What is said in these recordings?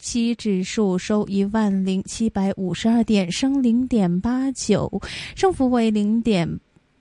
期指數收一萬零七百五十二點，升零點八九，升幅為零點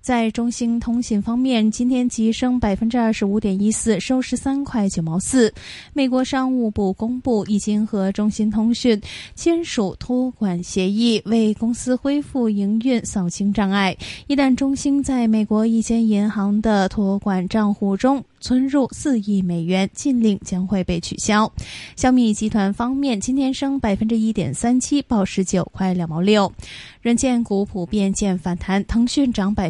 在中興通訊方面，今天急升百分之二十五點一四，收十三塊九毛四。美國商務部公布，已經和中興通訊簽署託管協議，為公司恢復營運掃清障礙。一旦中興在美國一間銀行的託管賬戶中存入四億美元，禁令將會被取消。小米集團方面，今天升百分之一點三七，報十九塊兩毛六。軟件股普遍見反彈，騰訊漲百。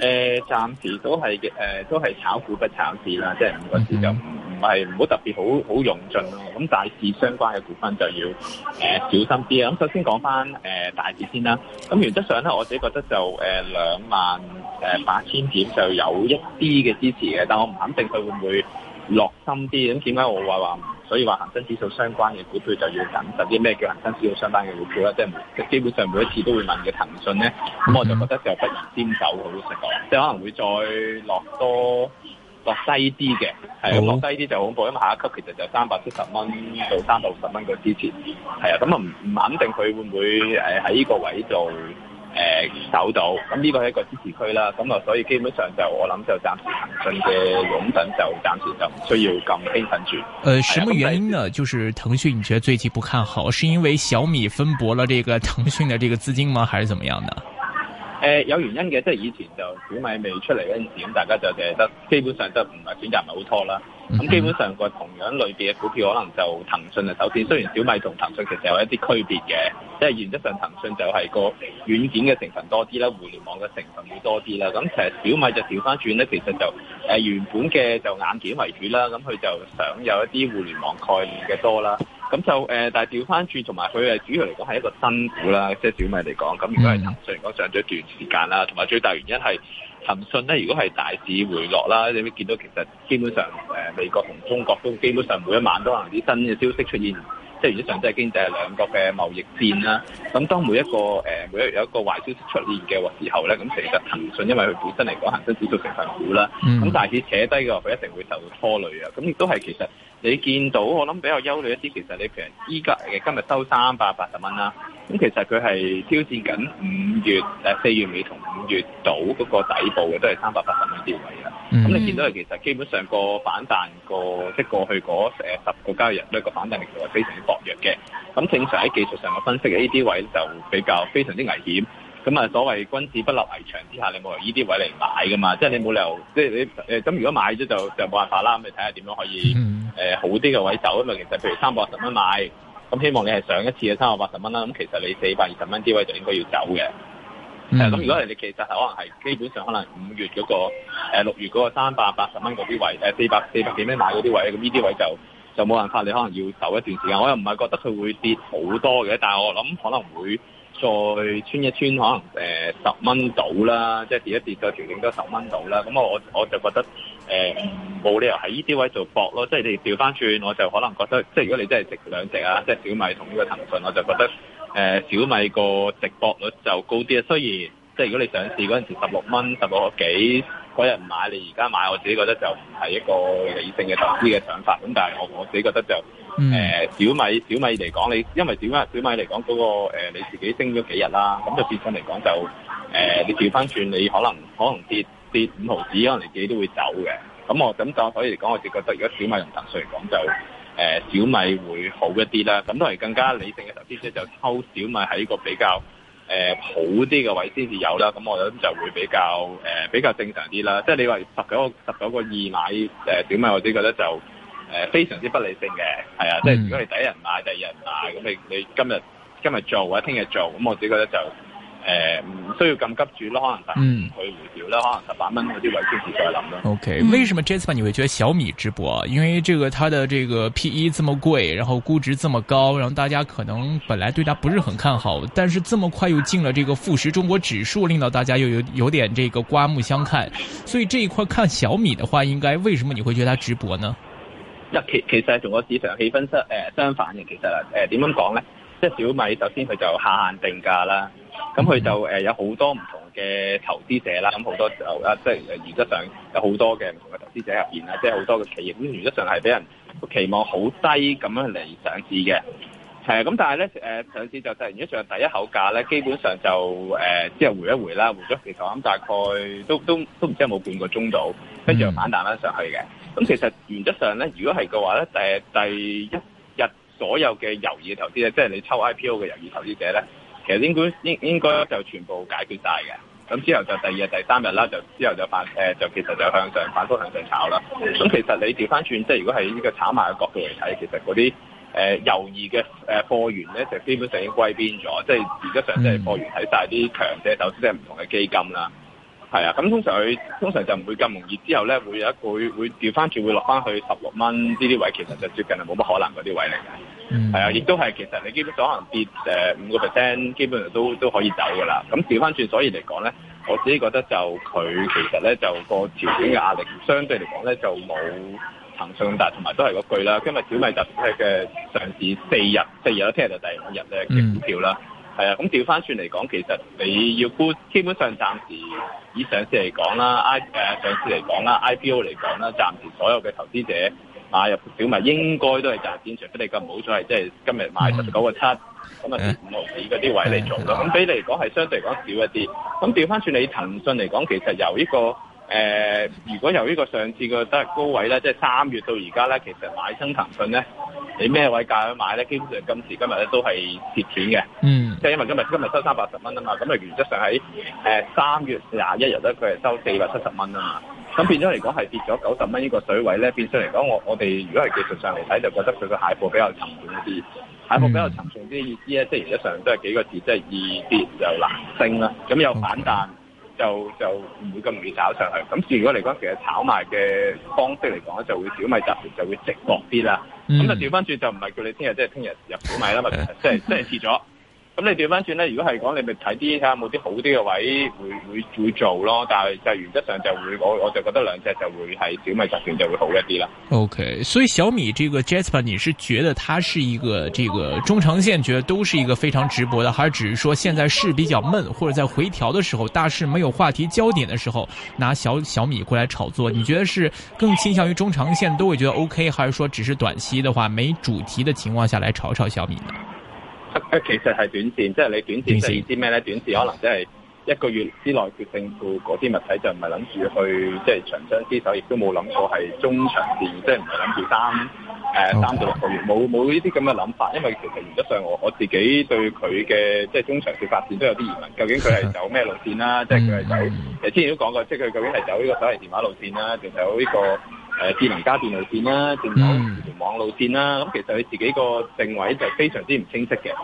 誒、呃、暫時都係嘅、呃，都係炒股不炒市啦，即係五個市就唔唔係唔好特別好好用盡咯。咁大市相關嘅股份就要、呃、小心啲啊。咁首先講翻、呃、大市先啦。咁原則上咧，我自己覺得就兩萬誒八千點就有一啲嘅支持嘅，但我唔肯定佢會唔會，落深啲，咁點解我話話，所以話恒生指數相關嘅股票就要謹慎啲？咩叫恒生指數相關嘅股票咧？即係基本上每一次都會問嘅騰訊咧，咁、mm hmm. 我就覺得就不如先走好食啲，即係可能會再落多落低啲嘅，係、mm hmm. 落低啲就好恐怖，因為下一級其實就三百七十蚊到三百六十蚊個支持，係啊，咁啊唔唔肯定佢會唔會喺呢個位做。誒，守、嗯、到咁呢、嗯這個係一個支持區啦，咁、嗯、啊所以基本上就我諗就暫時騰訊嘅擁躉，就暫時就唔需要咁興奮住。誒、呃，什麼原因呢？嗯、就是騰訊，你覺得最近不看好，是因為小米分薄咗呢個騰訊嘅呢個資金嗎？還是怎麼樣呢？誒、呃，有原因嘅，即、就、係、是、以前就小米未出嚟嗰陣時，咁大家就淨係得基本上都唔係選擇唔係好拖啦。咁基本上個同樣類別嘅股票，可能就騰訊啊。首先，雖然小米同騰訊其實有一啲區別嘅，即係原則上騰訊就係個軟件嘅成分多啲啦，互聯網嘅成分會多啲啦。咁其實小米就調翻轉咧，其實就、呃、原本嘅就硬件為主啦，咁佢就想有一啲互聯網概念嘅多啦。咁就、呃、但係調翻轉，同埋佢係主要嚟講係一個新股啦，即係小米嚟講。咁如果係騰訊，嚟講上咗一段時間啦，同埋最大原因係。騰訊咧，如果係大市回落啦，你會見到其實基本上，誒美國同中國都基本上每一晚都行啲新嘅消息出現。即係原則上都係經濟兩國嘅貿易戰啦。咁當每一個誒每一日有一個壞消息出現嘅時候咧，咁其實騰訊因為佢本身嚟講騰訊指數成份股啦，咁大市扯低嘅話，佢一定會受到拖累啊。咁亦都係其實你見到我諗比較憂慮一啲，其實你其實依家嘅今日收三百八十蚊啦。咁其實佢係挑戰緊五月誒四月尾同五月到嗰個底部嘅都係三百八十蚊低位啊。咁你見到佢其實基本上個反彈個即係過去嗰十個交易日咧個反彈力度係非常薄弱嘅，咁正常喺技術上嘅分析，呢啲位就比較非常之危險。咁啊，所謂君子不立危牆之下，你冇由呢啲位嚟買噶嘛？即係你冇理由，即係你誒咁。如果買咗就就冇辦法啦。咁你睇下點樣可以、嗯呃、好啲嘅位走。吖嘛？其實譬如三百八十蚊買，咁希望你係上一次嘅三百八十蚊啦。咁其實你四百二十蚊啲位就應該要走嘅。咁、嗯、如果係你其實係可能係基本上可能五月嗰、嗰個六、呃、月嗰個三百八十蚊嗰啲位，誒四百四百幾蚊買嗰啲位，咁呢啲位就。就冇辦法，你可能要走一段時間。我又唔係覺得佢會跌好多嘅，但係我諗可能會再穿一穿，可能誒十蚊到啦，即係跌一跌再調整多十蚊到啦。咁我我就覺得呃、冇理由喺呢啲位做搏咯。即係你調翻轉，我就可能覺得，即係如果你真係值兩隻啊，即係小米同呢個騰訊，我就覺得誒、呃、小米個值搏率就高啲啊。雖然即係如果你上市嗰陣時十六蚊、十六幾。嗰日唔買，你而家買，我自己覺得就唔係一個理性嘅投資嘅想法。咁但係我我自己覺得就、呃、小米，小米嚟講，你因為小米小米嚟講嗰、嗰個、呃、你自己升咗幾日啦，咁就變相嚟講就、呃、你調翻轉，你可能可能跌跌五毫子，可能你自己都會走嘅。咁我咁就所以嚟講，我自己覺得而家小米用騰訊嚟講就、呃、小米會好一啲啦。咁都係更加理性嘅投資咧，就抽、係、小米係一個比較。誒、呃、好啲嘅位先至有啦，咁我諗就會比較誒、呃、比較正常啲啦。即係你話十九個十九個二買誒小米，我自己覺得就誒、呃、非常之不理性嘅，係啊！Mm. 即係如果你第一人買、啊，第二人買、啊，咁你你今日今日做或者聽日做，咁我自己覺得就。誒，唔、呃、需要咁急住咯，可能十佢回調啦。嗯、可能十八蚊嗰啲位先至再諗啦。O、okay, K，為什麼 Jasper 你會覺得小米直播？因為這個它的這個 P E 這麼貴，然後估值這麼高，然後大家可能本來對它不是很看好，但是這麼快又進了這個富時中國指數，令到大家又有有點這個刮目相看。所以這一塊看小米的話，應該為什麼你會覺得它直播呢？其其實係同個市場氣氛、呃、相反嘅，其實誒點樣講呢，即係小米，首先佢就下限定價啦。咁佢就誒有好多唔同嘅投資者啦，咁好多時候啦，即係原則上有好多嘅唔同嘅投資者入面啦，即係好多嘅企業，咁原則上係俾人期望好低咁樣嚟上市嘅，係啊，咁但係咧誒上市就突然之間就第一口價咧，基本上就誒即係回一回啦，回咗幾多咁大概都都都唔知有冇半個鐘度，跟住反彈返上去嘅。咁、嗯、其實原則上咧，如果係嘅話咧，誒第一日所有嘅猶豫投資咧，即係你抽 IPO 嘅猶豫投資者咧。就是其實應該應應該就全部解決晒嘅。咁之後就第二日第三日啦，就之後就反誒、呃、就其實就向上反覆向上炒啦。咁 其實你調翻轉，即係如果係呢個炒賣嘅角度嚟睇，其實嗰啲誒猶豫嘅誒貨源咧，就基本上已經歸邊咗，即係而家上即係貨源睇晒啲強者首先，即係唔同嘅基金啦。 係啊，咁通常佢通常就唔會咁容易，之後咧會有一個會會調翻轉，會，會落翻去十六蚊呢啲位，其實就接近係冇乜可能嗰啲位嚟嘅。嗯、mm，係、hmm. 啊，亦都係其實你基本上可能跌誒五個 percent，基本上都都可以走㗎啦。咁調翻轉，所以嚟講咧，我自己覺得就佢其實咧就個調整嘅壓力相對嚟講咧就冇騰訊大，同埋都係嗰句啦。因為小米特別嘅上市四日，四日啦聽日就第五日咧嘅股票啦。Mm hmm. 係啊，咁調返轉嚟講，其實你要估，基本上暫時以上市嚟講啦，上市嚟講啦，IPO 嚟講啦，暫時所有嘅投資者買入小米應該都係賺錢，除非你咁唔好彩，即係今日買十九個七，咁啊跌五毫子嗰啲位嚟做嘅，咁俾你講係相對講少一啲。咁調返轉你騰訊嚟講，其實由呢個。誒、呃，如果由呢個上次嘅個高位咧，即係三月到而家咧，其實買親騰訊咧，你咩位價去買咧？基本上今時今日咧都係蝕錢嘅。嗯。即係因為今日今日收三百十蚊啊嘛，咁啊，原則上喺誒三月廿一日咧，佢係收四百七十蚊啊嘛。咁變咗嚟講，係跌咗九十蚊呢個水位咧，變相嚟講，我我哋如果係技術上嚟睇，就覺得佢個蟹貨比較沉重啲，嗯、蟹貨比較沉重啲嘅意思咧，即係原則上都係幾個字，即係易跌又難升啦。咁有反彈。Okay. 就就唔會咁容易炒上去，咁如果嚟講，其實炒賣嘅方式嚟講咧，就會小米集團就會值搏啲啦。咁、mm. 就調翻轉，就唔係叫你聽日即係聽日入小米啦，即係即係遲咗。就是咁你調翻轉咧，如果係講你咪睇啲睇下冇啲好啲嘅位會會會做咯，但係就原則上就會我我就覺得兩隻就會係小米集團就會好一啲啦。OK，所以小米這個 Jasper，你是覺得它是一個這個中長線，覺得都是一個非常值搏的，還是只是說現在市比較悶，或者在回調的時候，大市沒有話題焦點的時候，拿小小米過來炒作？你覺得是更傾向於中長線都會覺得 OK，還是說只是短期的話，沒主題的情況下來炒一炒小米呢？其實係短線，即係你短線即係知咩咧？短線可能即係一個月之內決勝負嗰啲物體就不是去，就唔係諗住去即係長相廝守，亦都冇諗過係中長線，即係唔係諗住三誒、呃、Okay. 三到六個月，冇冇呢啲咁嘅諗法。因為其實原則上，我我自己對佢嘅即係中長線發展都有啲疑問，究竟佢係走咩路線啦、啊？Yeah. 即係佢係走誒，mm hmm. 之前都講過，即係佢究竟係走呢個手提電話路線啦、啊，定走呢個？誒智能家電路線啦，仲有互聯網路線啦，咁、嗯、其實佢自己個定位就非常之唔清晰嘅，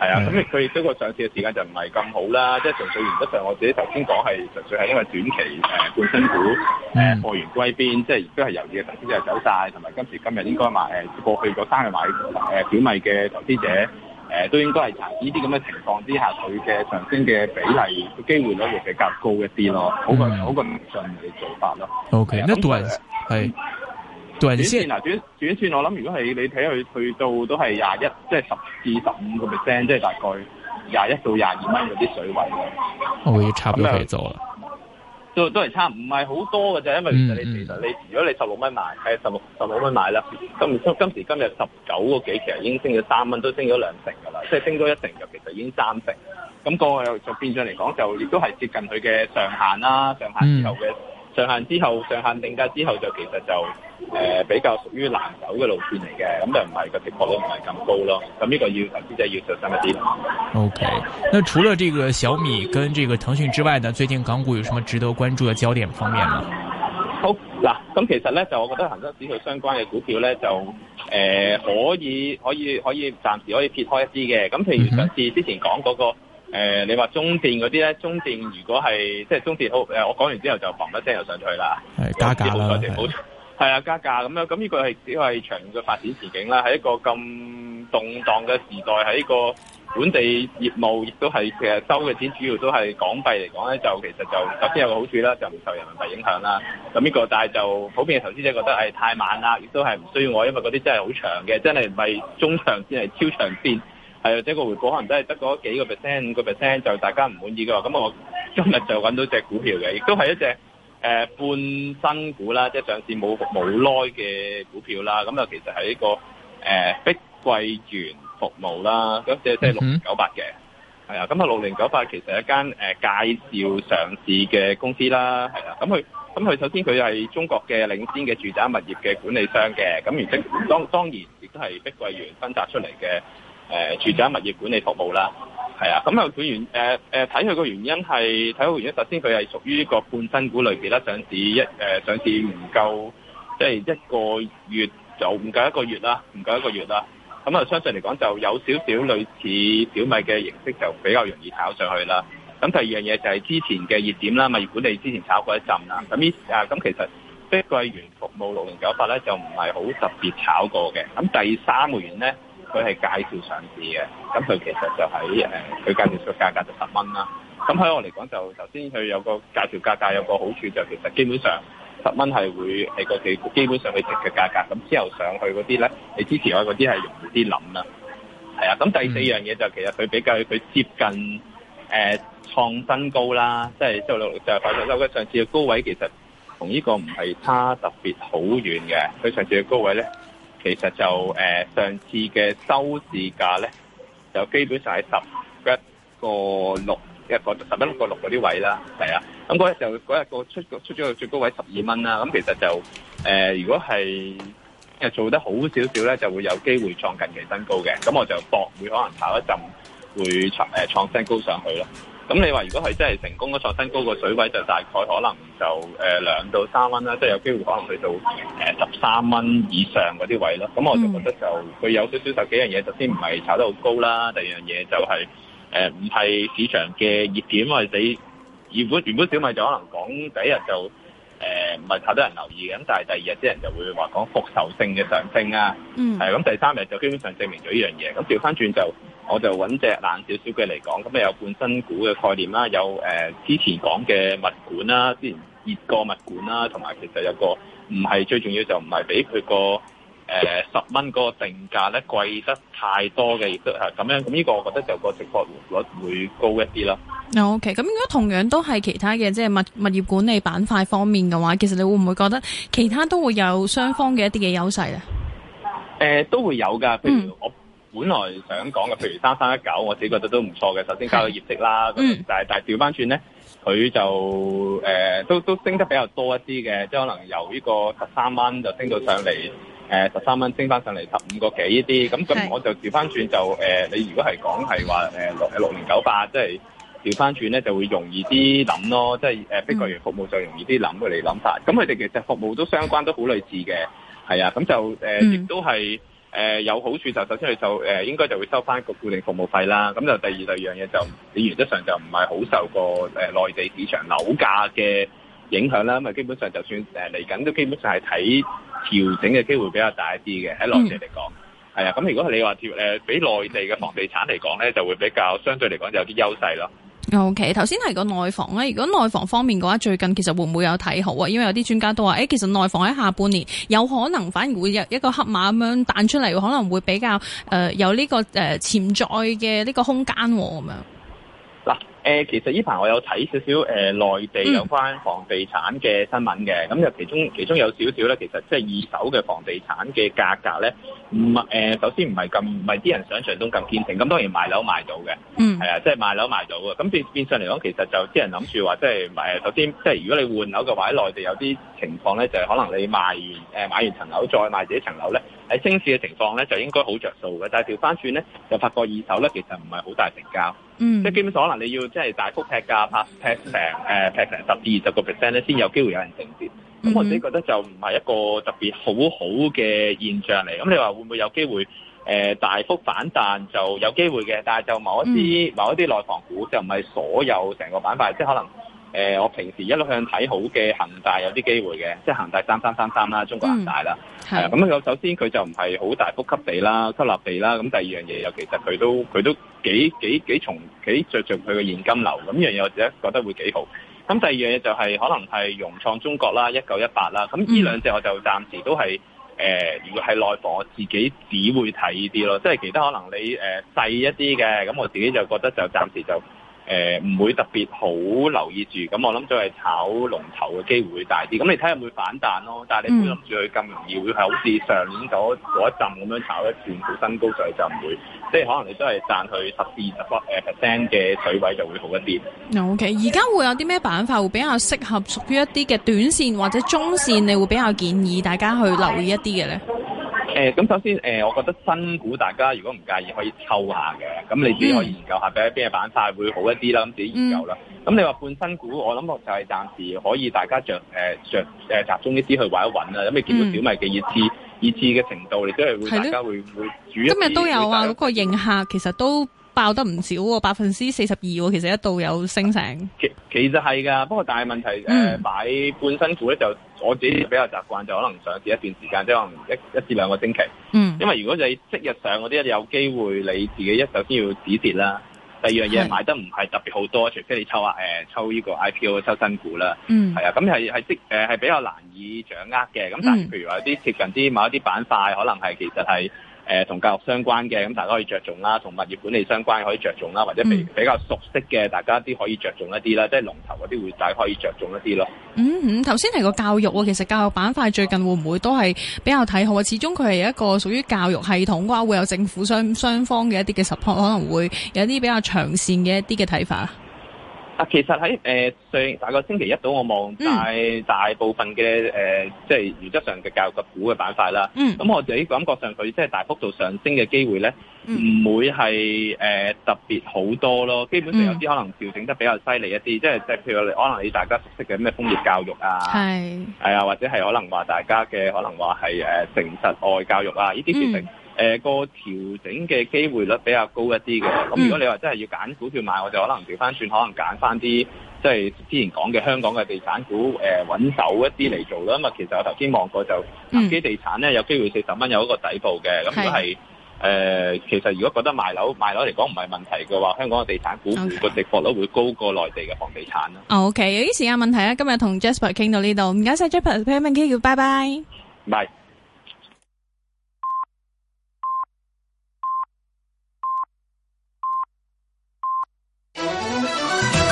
係啊，咁佢嗰個上市嘅時間就唔係咁好啦，即係純粹原則上，我自己頭先講係純粹係因為短期誒半新股誒貨源歸邊，即亦都係猶豫嘅投資者走晒。同埋今時今日應該買誒過去嗰三日買誒小米嘅投資者。誒都應該係喺呢啲咁嘅情況之下，佢嘅上升嘅比例機會率亦比較高一啲咯，mm hmm. 好個好個唔上嘅做法咯。OK，咁杜仁係轉轉轉轉轉，我諗如果係你睇佢去到都係廿一，即係十至十五個 percent，即係大概廿一到廿二蚊嗰啲水位，可以、okay, 差唔多可以走了。都都係差，唔係好多㗎啫，因為其實你、mm hmm. 其實你，如果你十六蚊買，係十六十六蚊買啦，今今今時今日十九個幾，其實已經升咗三蚊，都升咗兩成噶啦，即係升咗一成就其實已經三成，咁個又就變相嚟講就亦都係接近佢嘅上限啦，上限之後嘅。Mm hmm. 上限之後，上限定價之後就其實就誒、呃、比較屬於難走嘅路線嚟嘅，咁就唔係個值搏率都唔係咁高咯。咁呢個要投資者要小心一啲啦。O、okay. K，那除了這個小米跟這個騰訊之外呢，呢最近港股有什麼值得關注嘅焦點方面呢？好，嗱，咁其實咧就我覺得恆生指數相關嘅股票咧就誒、呃、可以可以可以暫時可以撇開一啲嘅，咁譬如上次之前講嗰、那個。嗯誒、呃，你話中電嗰啲咧，中電如果係即係中電好誒，我講完之後就嘣一聲又上去啦，係是加價啦，冇錯，係啊的的加價咁樣，咁呢個係只係長遠嘅發展前景啦，喺一個咁動蕩嘅時代，喺個本地業務亦都係其實收嘅錢主要都係港幣嚟講咧，就其實就首先有個好處啦，就唔受人民幣影響啦。咁呢、這個但係就普遍嘅投資者覺得係太慢啦，亦都係唔需要我，因為嗰啲真係好長嘅，真係唔係中長線係超長線。誒，即係個回報可能都係得嗰幾個 percent、五個 percent，就大家唔滿意嘅話，咁我今日就揾到隻股票嘅，亦都係一隻誒半新股啦，即係上市冇冇耐嘅股票啦。咁啊，其實係一個誒碧桂園服務啦，咁即係即係六零九八嘅，係啊。咁啊，六零九八其實一間誒介紹上市嘅公司啦，係啊。咁佢咁佢首先佢係中國嘅領先嘅住宅物業嘅管理商嘅，咁而即當當然亦都係碧桂園分拆出嚟嘅。誒住宅物業管理服務啦，係啊，咁又佢原誒誒睇佢個原因係睇好原因，首先佢係屬於個半新股類別啦，上市一誒上市唔夠，即係一個月就唔夠一個月啦，唔夠一個月啦，咁啊相對嚟講就有少少類似小米嘅形式，就比較容易炒上去啦。咁第二樣嘢就係之前嘅熱點啦，物業管理之前炒過一陣啦，咁依啊咁其實碧桂園服務六零九八咧就唔係好特別炒過嘅，咁第三個原因咧。佢係介紹上市嘅，咁佢其實就喺、是、誒，佢介紹嘅價格就十蚊啦。咁喺我嚟講，就首先佢有個介紹價格有個好處，就其實基本上十蚊係會係個幾基本上佢值嘅價格。咁之後上去嗰啲咧，你支持我嗰啲係容易啲諗啦。係啊，咁第四樣嘢就其實佢比較佢接近誒、呃、創新高啦，即係即係上次嘅高位其實同呢個唔係差特別好遠嘅。佢上次嘅高位咧。其實就誒、呃、上次嘅收市價咧，就基本上係十一個六一個十一個六啲位啦，係啊。咁嗰日就嗰日個出出咗個最高位十二蚊啦。咁其實就誒、呃，如果係做得好少少咧，就會有機會創近期新高嘅。咁我就搏，會可能下一陣會創新高上去咯。咁你話如果係真係成功咗創新高個水位，就大概可能就誒兩到三蚊啦，即係有機會可能去到誒十三蚊以上嗰啲位咯。咁我就覺得就佢有少少十幾樣嘢，首先唔係炒得好高啦，第二樣嘢就係誒唔係市場嘅熱點，或者原本原本小米就可能講第一日就誒唔係太多人留意嘅，咁但係第二日啲人就會話講復仇性嘅上升啊，係咁第三日就基本上證明咗依樣嘢，咁調翻轉就。我就揾隻冷少少嘅嚟講，咁啊有半新股嘅概念啦，有誒之前講嘅物管啦，之前熱過物管啦，同埋其實有一個唔係最重要的就唔係俾佢個誒、呃、十蚊嗰個定價咧貴得太多嘅亦都係咁樣，咁呢個我覺得就個值搏率會高一啲咯。嗱 OK，咁如果同樣都係其他嘅即係物物業管理板塊方面嘅話，其實你會唔會覺得其他都會有雙方嘅一啲嘅優勢咧？誒、呃、都會有噶，譬如我、嗯。本來想講嘅，譬如三三一九，我自己覺得都唔錯嘅。首先交咗業績啦，嗯、但係但係調翻轉咧，佢就誒、呃、都都升得比較多一啲嘅，即係可能由呢個十三蚊就升到上嚟誒十三蚊，呃、升翻上嚟十五個幾啲。咁咁我就調翻轉就誒、呃，你如果係講係話誒六六零九八，即係調翻轉咧就會容易啲諗咯，即係誒碧桂園服務就容易啲諗佢嚟諗法。咁佢哋其實服務都相關都好類似嘅，係啊，咁就亦、呃嗯、都係。誒有好處就首先佢收誒應該就會收翻個固定服務費啦，咁就第二第二樣嘢就，你原則上就唔係好受個誒內地市場樓價嘅影響啦，咁啊基本上就算誒嚟緊都基本上係睇調整嘅機會比較大一啲嘅，喺內地嚟講，係啊，咁如果你話調誒比內地嘅房地產嚟講咧，就會比較相對嚟講就有啲優勢咯。OK，頭先係個內房咧，如果內房方面嘅話，最近其實會唔會有睇好啊？因為有啲專家都話，誒、欸，其實內房喺下半年有可能反而會有一個黑馬咁樣彈出嚟，可能會比較誒、呃、有呢、這個誒潛、呃、在嘅呢個空間咁、喔、樣。其實呢排我有睇少少誒內地有關房地產嘅新聞嘅，咁就、嗯、其中其中有少少咧，其實即係二手嘅房地產嘅價格咧，唔、嗯、首先唔係咁唔係啲人想象中咁堅定。咁當然賣樓賣到嘅，嗯，係啊，即係賣樓賣到嘅，咁變變相嚟講，其實就啲人諗住話，即係誒，首先即係如果你換樓嘅話，喺內地有啲情況咧，就係可能你賣誒買完層樓再賣自己層樓咧，喺升市嘅情況咧，就應該好着數嘅，但係調翻轉咧，就發覺二手咧其實唔係好大成交。嗯，mm hmm. 即係基本上可能你要即係大幅劈價、呃，劈劈成誒劈成十至二十個 percent 咧，先有機會有人升跌。咁、mm hmm. 我自己覺得就唔係一個特別好好嘅現象嚟。咁你話會唔會有機會誒、呃、大幅反彈就有機會嘅，但係就某一啲、mm hmm. 某一啲內房股就唔係所有成個板塊，即係可能。誒、呃，我平時一路向睇好嘅恒大有啲機會嘅，即係恒大三三三三啦，中國恒大啦，係啊、嗯。咁佢、呃、首先佢就唔係好大幅吸地啦、吸納地啦。咁第二樣嘢又其實佢都佢都幾幾幾重幾着重佢嘅現金流。咁樣嘢我自己覺得會幾好。咁第二樣嘢就係、是、可能係融創中國啦、一九一八啦。咁呢兩隻我就暫時都係誒、呃，如果係內房我自己只會睇啲咯。即係其他可能你誒、呃、細一啲嘅，咁我自己就覺得就暫時就。誒唔、呃、會特別好留意住，咁我諗就係炒龍頭嘅機會會大啲。咁你睇下會唔會反彈咯？但係你唔會諗住佢咁容易，會係好似上年咗嗰一陣咁樣炒一轉股新高上去就唔會。即係可能你都係賺佢十至二十 percent 嘅水位就會好一啲。OK，而家會有啲咩板塊會比較適合屬於一啲嘅短線或者中線？你會比較建議大家去留意一啲嘅咧？咁、呃、首先誒、呃，我覺得新股大家如果唔介意，可以抽下嘅。咁你自己可以研究下，俾邊個板塊會好一啲啦，咁、嗯、自己研究啦。咁、嗯、你話半新股，我諗就係暫時可以大家著誒、呃呃、集中一啲去玩玩搵一搵啦。咁你見到小米嘅熱刺熱刺嘅程度，你都係會大家會的會煮一。今日都有啊，嗰個應客其實都爆得唔少喎，百分之四十二喎，其實一度有升成。Okay. 其實係㗎，不過大問題誒、嗯、買半新股咧，就我自己比較習慣就可能上市一段時間，即係可能一一至兩個星期。嗯，因為如果就即日上嗰啲有機會你自己一首先要止跌啦。第二樣嘢買得唔係特別好多，是除非你抽啊、呃、抽呢個 IPO 嘅抽新股啦。嗯，係啊，咁係係即係比較難以掌握嘅。咁但係譬如話啲接近啲某一啲板塊，可能係其實係。誒同教育相關嘅，咁大家可以着重啦；同物業管理相關可以着重啦，或者比比較熟悉嘅，大家啲可以着重一啲啦，嗯、即係龍頭嗰啲會大可以着重一啲咯、嗯。嗯嗯，頭先係個教育喎，其實教育板塊最近會唔會都係比較睇好啊？始終佢係一個屬於教育系統嘅話，會有政府雙雙方嘅一啲嘅 support，可能會有一啲比較長線嘅一啲嘅睇法。啊，其實喺誒上大概星期一到我望大、嗯、大部分嘅誒，即係原則上嘅教育嘅股嘅板塊啦。咁、嗯、我自己感覺上佢即係大幅度上升嘅機會咧，唔、嗯、會係誒、呃、特別好多咯。基本上有啲可能調整得比較犀利一啲，即係即係譬如你可能你大家熟悉嘅咩楓葉教育啊，係係是啊，或者係可能話大家嘅可能話係誒成實外教育啊，呢啲調整、嗯。誒，個調、呃、整嘅機會率比較高一啲嘅，咁、啊嗯、如果你話真係要揀股票買，我就可能調翻轉，可能揀翻啲即係之前講嘅香港嘅地產股，誒、呃，穩手一啲嚟做啦。咁啊，其實我頭先望過就，嗯，百基地產咧有機會四十蚊，有一個底部嘅，咁都係誒，其實如果覺得賣樓賣樓嚟講唔係問題嘅話，香港嘅地產股個跌幅率會高過內地嘅房地產啦。Okay. 嗯、OK，有啲時間問題咧、啊，今日同 Jasper 傾到呢度，唔該晒 Jasper 俾個問題，拜拜。Bye。